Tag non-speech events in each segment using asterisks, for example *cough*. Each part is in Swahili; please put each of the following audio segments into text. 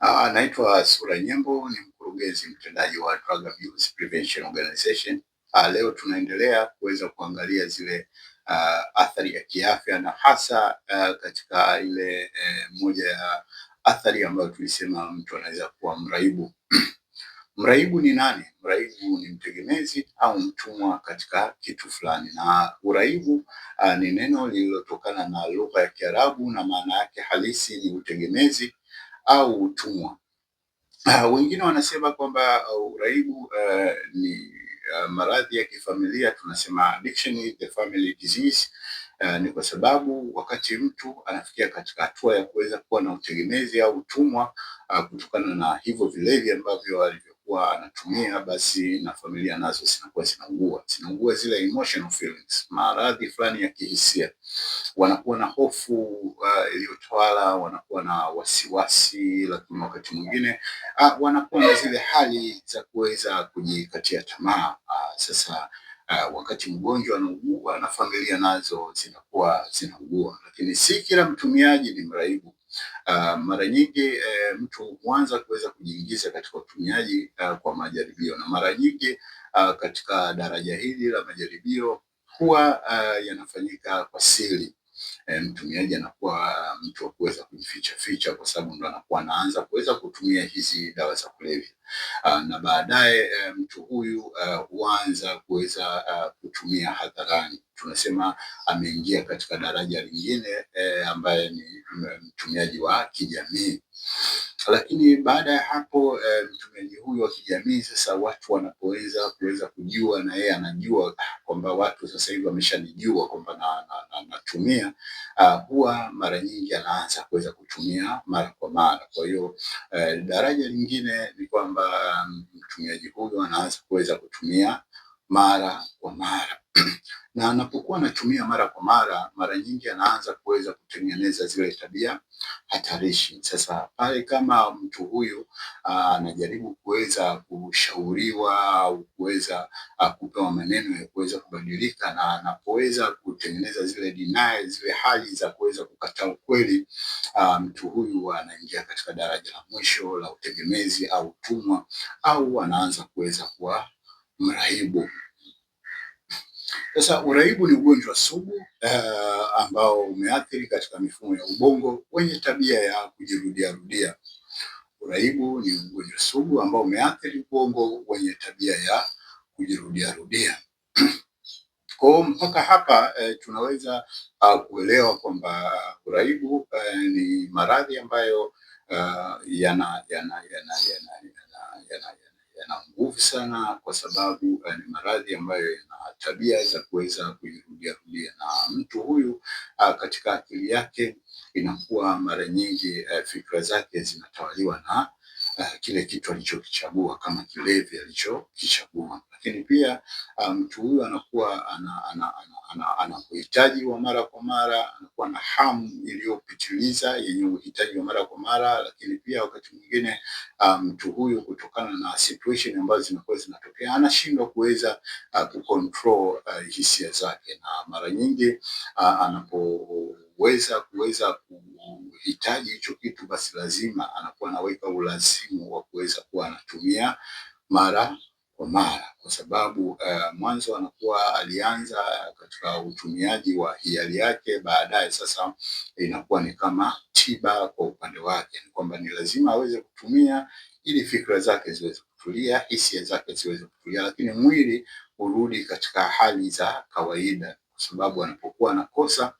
Ah, naitwa Sura Nyembo, ni mkurugenzi mtendaji wa Drug Abuse Prevention Organization. Ah, leo tunaendelea kuweza kuangalia zile uh, athari ya kiafya na hasa uh, katika ile eh, moja ya athari ambayo tulisema mtu anaweza kuwa mraibu. *clears throat* Mraibu ni nani? Mraibu ni mtegemezi au mtumwa katika kitu fulani, na uraibu uh, ni neno lililotokana na lugha ya Kiarabu na maana yake halisi ni utegemezi au utumwa. Uh, wengine wanasema kwamba uh, uraibu uh, ni uh, maradhi ya kifamilia tunasema addiction is the family disease. Uh, ni kwa sababu wakati mtu anafikia katika hatua ya kuweza kuwa na utegemezi au utumwa uh, kutokana na hivyo vilevi ambavyo alivyo anakuwa anatumia, basi na familia nazo zinakuwa zinaugua, zinaugua zile emotional feelings, maradhi fulani ya kihisia. Wanakuwa na hofu uh, iliyotawala, wanakuwa na wasiwasi, lakini wakati mwingine uh, wanakuwa na zile hali za kuweza kujikatia tamaa uh, sasa Uh, wakati mgonjwa anaugua na familia nazo zinakuwa zinaugua, lakini si kila mtumiaji ni mraibu. Uh, mara nyingi eh, mtu huanza kuweza kujiingiza katika utumiaji uh, kwa majaribio na mara nyingi uh, katika daraja hili la majaribio huwa uh, yanafanyika kwa siri. E, mtumiaji anakuwa mtu wa kuweza kujificha ficha kwa sababu ndo anakuwa anaanza kuweza kutumia hizi dawa za kulevya, na baadaye eh, mtu huyu huanza kuweza kutumia hadharani. Tunasema ameingia katika daraja lingine e, ambaye ni mtumiaji wa kijamii. Lakini baada ya hapo e, mtumiaji huyu wa kijamii sasa, watu wanapoweza kuweza kujua na yeye anajua kwamba watu sasa hivi wameshanijua kwamba na, na, na, natumia uh, huwa mara nyingi anaanza kuweza kutumia mara kwa mara. Kwa hiyo e, daraja lingine ni kwamba mm, mtumiaji huyu anaanza kuweza kutumia mara kwa mara *clears throat* na anapokuwa anatumia mara kwa mara, mara nyingi anaanza kuweza kutengeneza zile tabia hatarishi. Sasa pale kama mtu huyu anajaribu kuweza kushauriwa au kuweza kupewa maneno ya kuweza kubadilika, na anapoweza kutengeneza zile denial, zile hali za kuweza kukataa ukweli, mtu huyu anaingia katika daraja la mwisho la utegemezi au utumwa, au anaanza kuweza kuwa mrahibu. Sasa uraibu ni ugonjwa sugu uh, ambao umeathiri katika mifumo ya ubongo wenye tabia ya kujirudia rudia. Uraibu ni ugonjwa sugu ambao umeathiri ubongo wenye tabia ya kujirudia rudia. *clears throat* Kwa mpaka hapa eh, tunaweza uh, kuelewa kwamba uraibu eh, ni maradhi ambayo uh, yana yana yana yana yana yana yana nguvu sana, kwa sababu eh, ni maradhi ambayo yana tabia za kuweza kujirudia rudia na mtu huyu ah, katika akili yake inakuwa mara nyingi eh, fikra zake zinatawaliwa na uh, kile kitu alichokichagua kama kilevi alichokichagua. Lakini pia ah, mtu um, huyu anakuwa ana uhitaji wa mara kwa mara, anakuwa na hamu iliyopitiliza yenye uhitaji wa mara kwa mara. Lakini pia wakati mwingine ah, mtu um, huyu kutokana na situation ambazo zinakuwa zinatokea anashindwa kuweza uh, kucontrol uh, hisia zake na mara nyingi uh, anapo kuweza kuweza kuhitaji hicho kitu, basi lazima anakuwa anaweka ulazimu wa kuweza kuwa anatumia mara kwa mara, kwa sababu uh, mwanzo anakuwa alianza katika utumiaji wa hiari yake, baadaye sasa inakuwa ni kama tiba kwa upande wake, ni kwamba ni lazima aweze kutumia ili fikra zake ziweze kutulia, hisia zake ziweze kutulia, lakini mwili urudi katika hali za kawaida, kwa sababu anapokuwa anakosa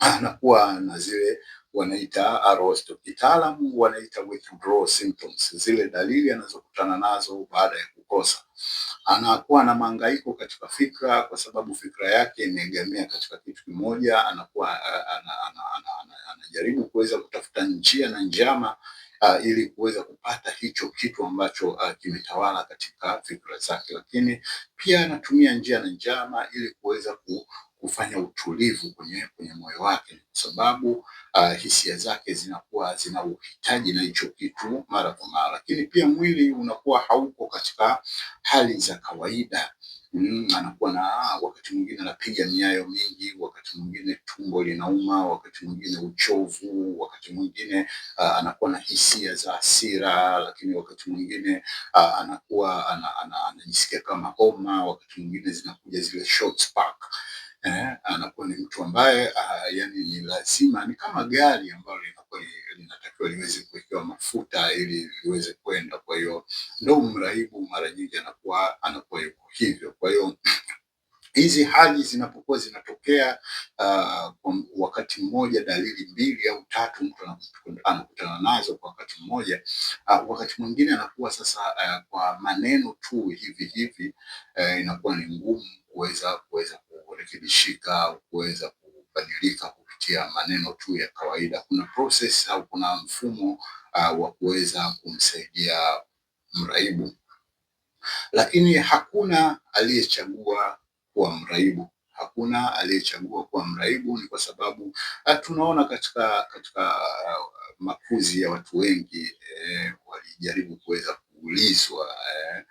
anakuwa na zile wanaita arrows to kitaalamu wanaita withdrawal symptoms, zile dalili anazokutana nazo baada ya kukosa. Anakuwa na mahangaiko katika fikra, kwa sababu fikra yake imeegemea katika kitu kimoja. Anakuwa anajaribu kuweza kutafuta njia na njama Uh, ili kuweza kupata hicho kitu ambacho uh, kimetawala katika fikra zake, lakini pia anatumia njia na njama ili kuweza ku kufanya utulivu kwenye, kwenye moyo wake, kwa sababu uh, hisia zake zinakuwa zina uhitaji na hicho kitu mara kwa mara, lakini pia mwili unakuwa hauko katika hali za kawaida. Mm, anakuwa na wakati mwingine anapiga miayo mingi, wakati mwingine tumbo linauma, wakati mwingine uchovu, wakati mwingine uh, anakuwa na hisia za hasira, lakini wakati mwingine uh, anakuwa anajisikia ana, ana, ana kama homa, wakati mwingine zinakuja zile short spark eh, anakuwa ni mtu ambaye ah, yani ni lazima, ni kama gari ambalo linakuwa linatakiwa liweze kuwekewa mafuta ili liweze kwenda. Kwa hiyo ndo mraibu mara nyingi anakuwa anakuwa yuko hivyo, kwa hiyo hizi hali zinapokuwa zinatokea uh, wakati mmoja, dalili mbili au tatu mtu anakutana nazo kwa wakati mmoja uh, wakati mwingine anakuwa sasa uh, kwa maneno tu hivi hivi uh, inakuwa ni ngumu kuweza kuweza kurekebishika au kuweza kubadilika kupitia maneno tu ya kawaida. Kuna process au kuna mfumo uh, wa kuweza kumsaidia mraibu, lakini hakuna aliyechagua kuwa mraibu hakuna aliyechagua kuwa mraibu. Ni kwa sababu uh, tunaona katika katika uh, makuzi ya watu wengi eh, walijaribu kuweza kuulizwa eh,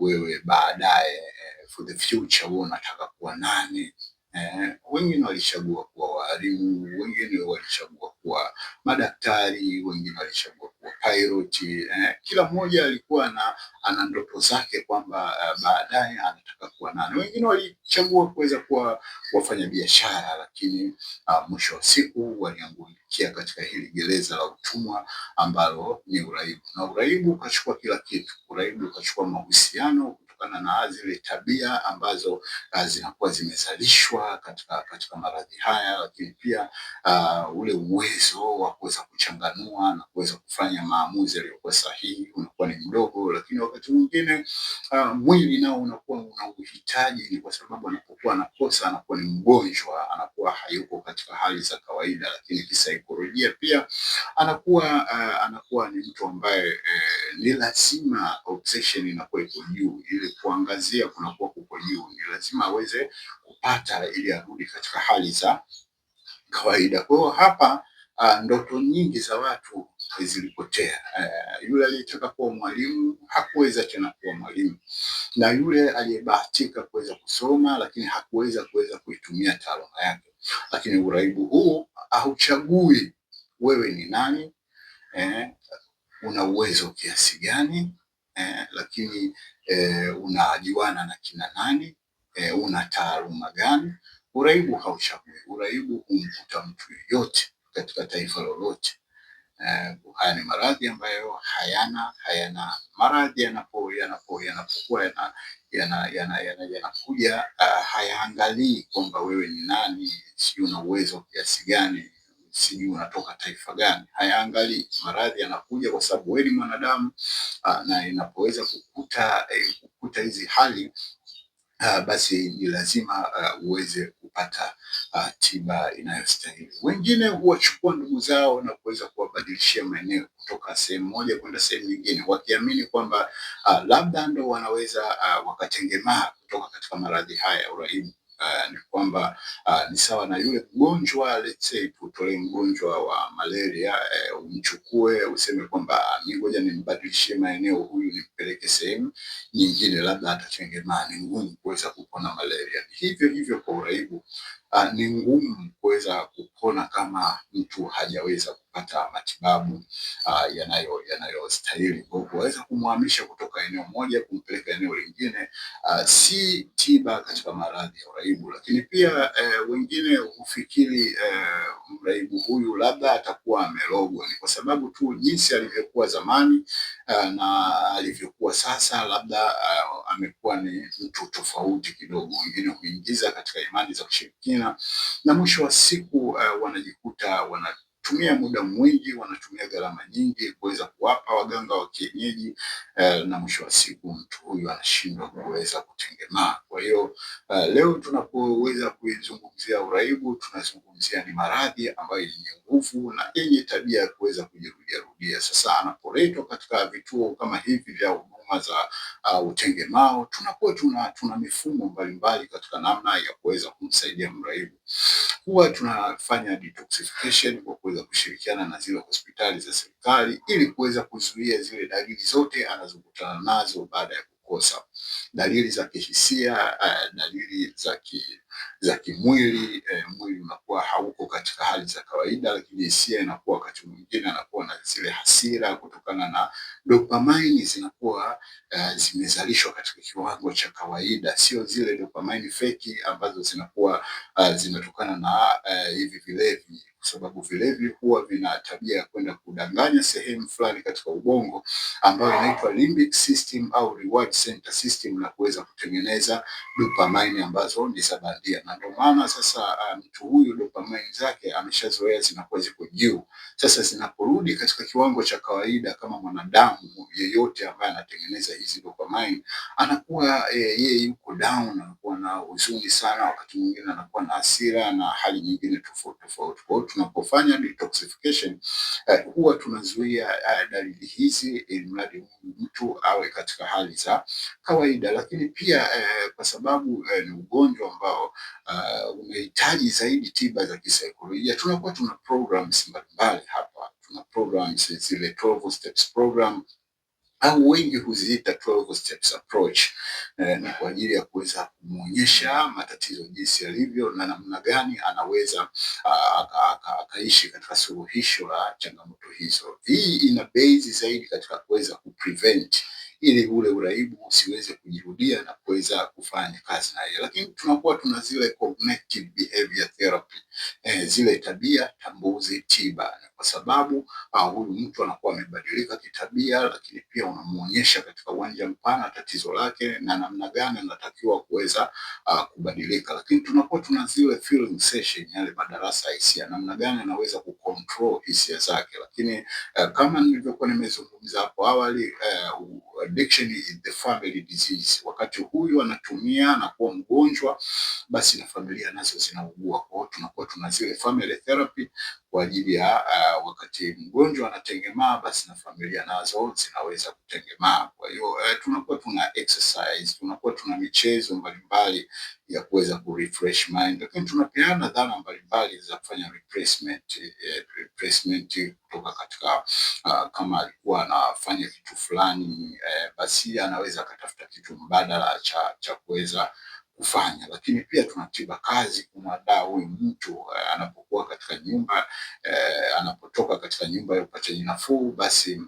wewe baadaye eh, for the future wewe unataka kuwa nani? Eh, wengine walichagua kuwa waalimu, wengine walichagua kuwa madaktari, wengine walichagua kuwa pilot. Eh, kila mmoja alikuwa na ana ndoto zake kwamba uh, baadaye anataka kuwa nani. Wengine walichagua kuweza kuwa wafanya biashara, lakini uh, mwisho wa siku waliangukia katika hili gereza la utumwa ambalo ni uraibu, na uraibu ukachukua kila kitu. Uraibu ukachukua mahusiano kutokana na zile tabia ambazo ah, zinakuwa zimezalishwa katika, katika maradhi haya, lakini pia uh, ule uwezo wa kuweza kuchanganua na kuweza kufanya maamuzi yaliyokuwa sahihi unakuwa ni mdogo, lakini wakati mwingine uh, mwili nao unakuwa una uhitaji, ni kwa sababu anapokuwa anakosa anakuwa ni mgonjwa, anakuwa hayuko katika hali za kawaida, lakini kisaikolojia pia anakuwa uh, anakuwa ni mtu ambaye eh, ni lazima obsession inakuwa iko juu ili kuangazia kunakuwa kuko juu, ni lazima aweze kupata ili arudi katika hali za kawaida. Kwa hiyo hapa uh, ndoto nyingi za watu zilipotea. Uh, yule aliyetaka kuwa mwalimu hakuweza tena kuwa mwalimu, na yule aliyebahatika kuweza kusoma lakini hakuweza kuweza kuitumia taaluma yake. Lakini uraibu huu hauchagui wewe ni nani, eh, una uwezo kiasi gani, eh, lakini e, unajuana na kina nani e, una taaluma gani. Uraibu hauchagui, uraibu humvuta mtu yoyote katika taifa lolote. E, haya ni maradhi ambayo hayana hayana maradhi yanapo, yanapo, yanapokuwa yanakuja yana, yana, yana, yana uh, hayaangalii kwamba wewe ni nani, si una uwezo kiasi gani sijui unatoka taifa gani, hayaangalii. Maradhi yanakuja kwa sababu wewe ni mwanadamu, ah, na inapoweza kukuta eh, kukuta hizi hali Uh, basi ni lazima uh, uweze kupata uh, tiba inayostahili. Wengine huwachukua ndugu zao na kuweza kuwabadilishia maeneo kutoka sehemu moja kwenda sehemu nyingine, wakiamini kwamba uh, labda ndo wanaweza uh, wakatengemaa kutoka katika maradhi haya ya uh, ni kwamba uh, ni sawa na yule mgonjwa let's say, tutolee mgonjwa wa malaria eh, umchukue useme kwamba mimi ah, ngoja nimbadilishie maeneo huyu nimpeleke sehemu nyingine, labda atachengemaa ni ngumu kuweza kupona malaria. Hivyo hivyo kwa uraibu uh, ni ngumu kuweza kupona kama mtu hajaweza kupata matibabu uh, yanayo yanayostahili. Kwa hiyo kuweza kumhamisha kutoka eneo moja kumpeleka eneo lingine uh, si tiba katika maradhi ya uraibu. Lakini pia eh, wengine hufikiri eh, mraibu huyu labda atakuwa amerogwa, ni kwa sababu tu jinsi alivyokuwa zamani Eh, na alivyokuwa sasa, labda uh, amekuwa ni mtu tofauti kidogo. Wengine huingiza katika imani za kushirikina, na mwisho wa siku uh, wanajikuta wana tumia muda mwingi, wanatumia gharama nyingi kuweza kuwapa waganga wa kienyeji eh, na mwisho wa siku mtu huyu anashindwa kuweza kutengemaa. Kwa hiyo Uh, leo tunapoweza kuizungumzia uraibu, tunazungumzia ni maradhi ambayo yenye nguvu na yenye tabia ya kuweza kujirudiarudia. Sasa anapoletwa katika vituo kama hivi vya huduma za uh, utengemao, tunakuwa tuna, tuna mifumo mbalimbali katika namna ya kuweza kumsaidia mraibu. Huwa tunafanya detoxification kwa kuweza kushirikiana na zile hospitali za serikali ili kuweza kuzuia zile dalili zote anazokutana nazo baada ya kukosa dalili za kihisia, eh, dalili za ki, za kimwili eh, mwili unakuwa hauko katika hali za kawaida, lakini hisia inakuwa wakati mwingine anakuwa na zile hasira kutokana na dopamine zinakuwa eh, zimezalishwa katika kiwango cha kawaida, sio zile dopamine feki ambazo zinakuwa eh, zinatokana na eh, hivi vilevi kwa sababu vilevi huwa vina tabia ya kwenda kudanganya sehemu fulani katika ubongo ambayo inaitwa limbic system au reward center system na kuweza kutengeneza dopamine ambazo ni za bandia, na ndio maana sasa ah, mtu um, huyu dopamine zake ameshazoea zinakuwa ziko juu. Sasa zinaporudi katika kiwango cha kawaida, kama mwanadamu yeyote ambaye anatengeneza hizi dopamine anakuwa eh, yeye yuko down, anakuwa na huzuni sana, wakati mwingine anakuwa na hasira na hali nyingine tofauti tofauti. Kwa hiyo tunapofanya kufanya detoxification eh, huwa tunazuia eh, dalili hizi ili mradi mtu awe katika hali za kawaida, lakini pia eh, kwa sababu eh, ni ugonjwa ambao uh, unahitaji zaidi tiba za kisaikolojia, tunakuwa tuna programs mbalimbali hapa, tuna programs zile 12 steps program au wengi huziita 12 steps approach eh, ni kwa ajili ya kuweza kumwonyesha matatizo jinsi yalivyo na namna gani anaweza akaishi katika suluhisho la changamoto hizo. Hii ina base zaidi katika kuweza kuprevent ili ule uraibu usiweze kujirudia na kuweza kufanya kazi na yeye. lakini tunakuwa tuna zile cognitive behavior therapy eh, zile tabia tambuzi tiba kwa sababu ah, huyu mtu anakuwa amebadilika kitabia, lakini pia unamuonyesha katika uwanja mpana tatizo lake na namna gani anatakiwa kuweza uh, kubadilika. Lakini tunakuwa tuna zile feeling session, yale madarasa ya hisia, namna gani anaweza kucontrol hisia zake. Lakini uh, kama nilivyokuwa nimezungumza hapo awali uh, addiction is the family disease. Wakati huyu anatumia anakuwa mgonjwa, basi na familia nazo zinaugua tunakuwa tuna zile family therapy kwa ajili ya uh, wakati mgonjwa anatengemaa, basi na familia nazo zinaweza kutengemaa. Kwa hiyo uh, tunakuwa tuna exercise, tunakuwa tuna michezo mbalimbali ya kuweza ku refresh mind, lakini tunapeana dhana mbalimbali za kufanya replacement eh, replacement kutoka katika uh, kama alikuwa anafanya kitu fulani eh, basi anaweza akatafuta kitu mbadala cha cha kuweza kufanya, lakini pia tunatiba kazi, kumwandaa huyu mtu eh, anapokuwa katika nyumba eh, anapotoka katika nyumba ya upatikanaji nafuu, basi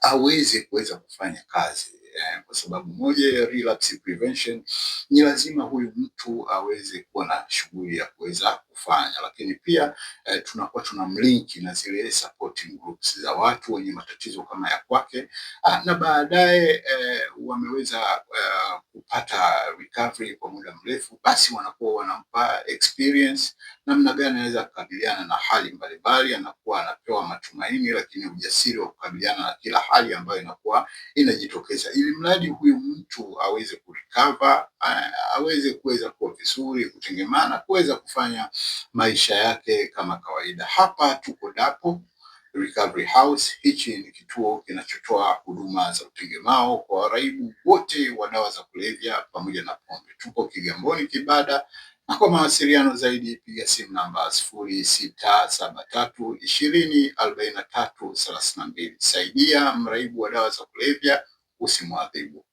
aweze kuweza kufanya kazi eh, kwa sababu moja ya relapse prevention ni lazima huyu mtu aweze kuwa na shughuli ya kuweza kufanya, lakini pia eh, tunakuwa tuna mlinki na zile supporting groups za watu wenye matatizo kama ya kwake ah, na baadaye eh, wameweza eh, kupata recovery kwa muda mrefu, basi wanakuwa wanampa experience namna gani anaweza kukabiliana na hali mbalimbali, anakuwa anapewa matumaini, lakini ujasiri wa kukabiliana na kila hali ambayo inakuwa inajitokeza ili mradi huyu mtu aweze kurikava, aweze kuweza kuwa vizuri, kutengemana, kuweza kufanya maisha yake kama kawaida. Hapa tuko Dapo Recovery House. Hichi ni kituo kinachotoa huduma za utengemao kwa waraibu wote wa dawa za kulevya pamoja na pombe. Tuko Kigamboni Kibada, na kwa mawasiliano zaidi piga simu namba sifuri sita saba tatu ishirini arobaini na tatu thelathini na mbili. Saidia mraibu wa dawa za kulevya o senma a